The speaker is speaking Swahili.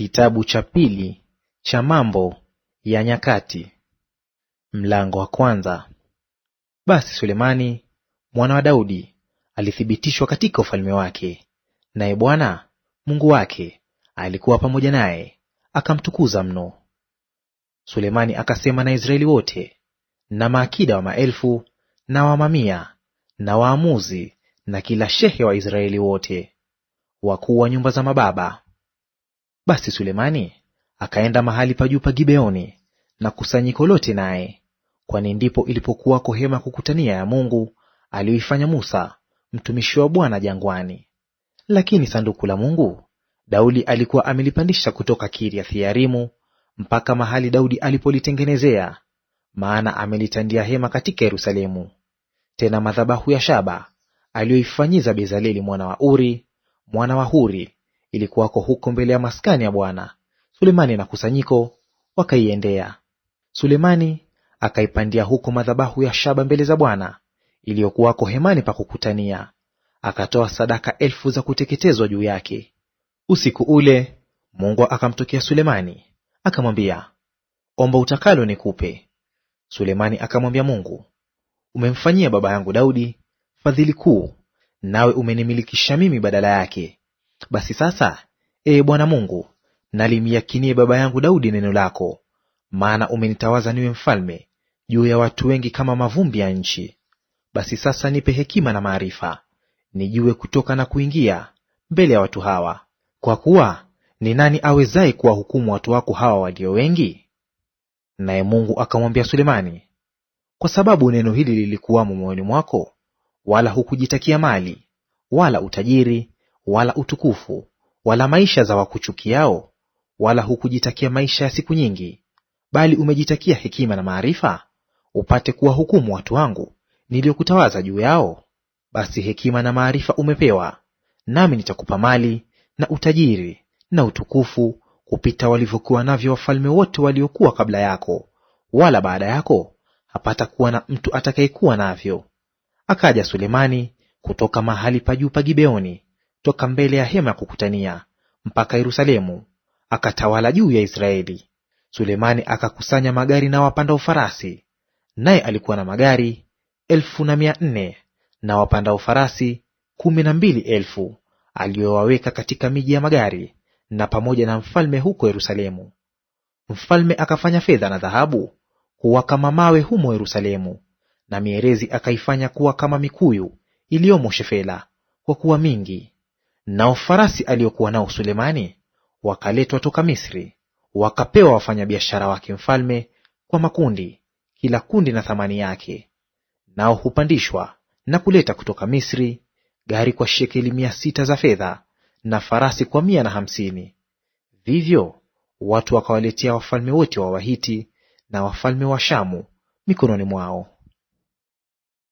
Kitabu cha pili cha Mambo ya Nyakati mlango wa kwanza. Basi Sulemani mwana wa Daudi alithibitishwa katika ufalme wake, naye Bwana Mungu wake alikuwa pamoja naye, akamtukuza mno. Sulemani akasema na Israeli wote na maakida wa maelfu na wa mamia na waamuzi na kila shehe wa Israeli wote, wakuu wa nyumba za mababa basi Sulemani akaenda mahali pa juu pa Gibeoni na kusanyiko lote naye, kwani ndipo ilipokuwako hema ya kukutania ya Mungu aliyoifanya Musa mtumishi wa Bwana jangwani. Lakini sanduku la Mungu Daudi alikuwa amelipandisha kutoka Kiriath-Yearimu mpaka mahali Daudi alipolitengenezea, maana amelitandia hema katika Yerusalemu. Tena madhabahu ya shaba aliyoifanyiza Bezaleli mwana wa Uri, mwana wa Huri, ilikuwako huko mbele ya maskani ya Bwana. Sulemani na kusanyiko wakaiendea. Sulemani akaipandia huko madhabahu ya shaba mbele za Bwana iliyokuwako hemani pa kukutania, akatoa sadaka elfu za kuteketezwa juu yake. Usiku ule Mungu akamtokea Sulemani akamwambia, omba utakalo nikupe. Sulemani akamwambia Mungu, umemfanyia baba yangu Daudi fadhili kuu, nawe umenimilikisha mimi badala yake basi sasa, Ee Bwana Mungu, nalimyakinie baba yangu Daudi neno lako, maana umenitawaza niwe mfalme juu ya watu wengi kama mavumbi ya nchi. Basi sasa nipe hekima na maarifa, nijue kutoka na kuingia mbele ya watu hawa, kwa kuwa ni nani awezaye kuwahukumu watu wako hawa walio wengi? Naye Mungu akamwambia Sulemani, kwa sababu neno hili lilikuwamo moyoni mwako, wala hukujitakia mali wala utajiri, wala utukufu, wala maisha za wakuchukiao, wala hukujitakia maisha ya siku nyingi, bali umejitakia hekima na maarifa, upate kuwahukumu watu wangu niliyokutawaza juu yao. Basi hekima na maarifa umepewa, nami nitakupa mali na utajiri na utukufu kupita walivyokuwa navyo wafalme wote waliokuwa kabla yako, wala baada yako hapatakuwa na mtu atakayekuwa navyo. Akaja Sulemani kutoka mahali pa juu pa Gibeoni toka mbele ya hema ya kukutania mpaka Yerusalemu, akatawala juu ya Israeli. Sulemani akakusanya magari na wapanda ufarasi, naye alikuwa na magari elfu na mia nne na wapanda ufarasi kumi na mbili elfu aliyowaweka katika miji ya magari na pamoja na mfalme huko Yerusalemu. Mfalme akafanya fedha na dhahabu kuwa kama mawe humo Yerusalemu, na mierezi akaifanya kuwa kama mikuyu iliyomo Shefela, kwa kuwa mingi. Nao farasi aliokuwa nao Sulemani wakaletwa toka Misri, wakapewa wafanyabiashara wake mfalme kwa makundi, kila kundi na thamani yake. Nao hupandishwa na kuleta kutoka Misri gari kwa shekeli mia sita za fedha na farasi kwa mia na hamsini. Vivyo watu wakawaletea wafalme wote wa Wahiti na wafalme wa Shamu mikononi mwao.